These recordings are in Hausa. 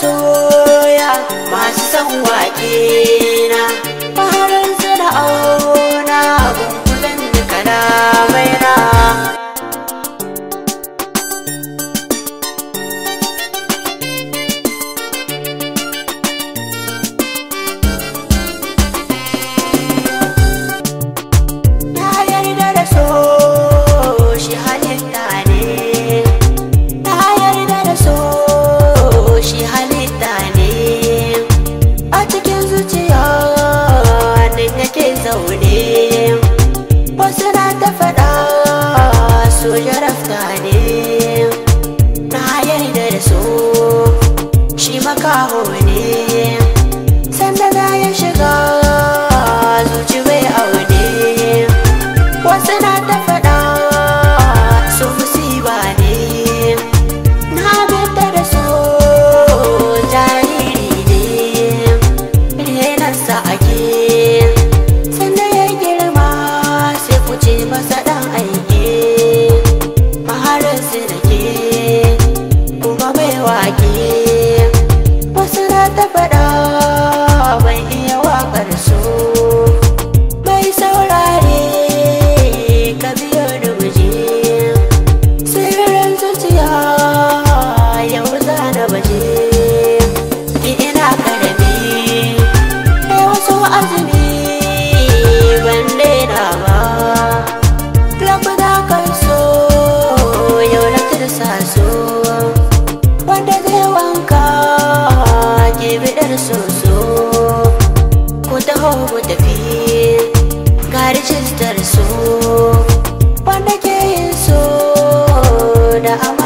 soya masu son wake aure wasu na ta faɗa su jarafta ne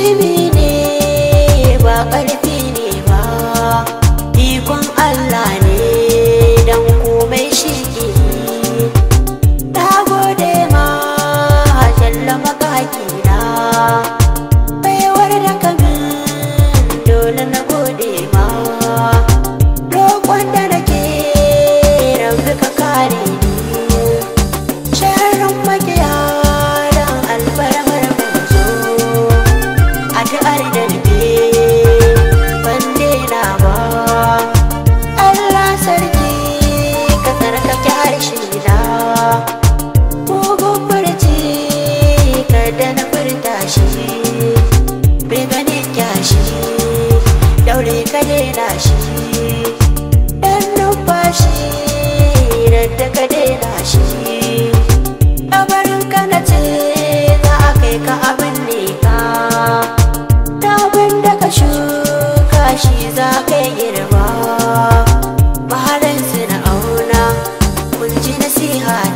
baby high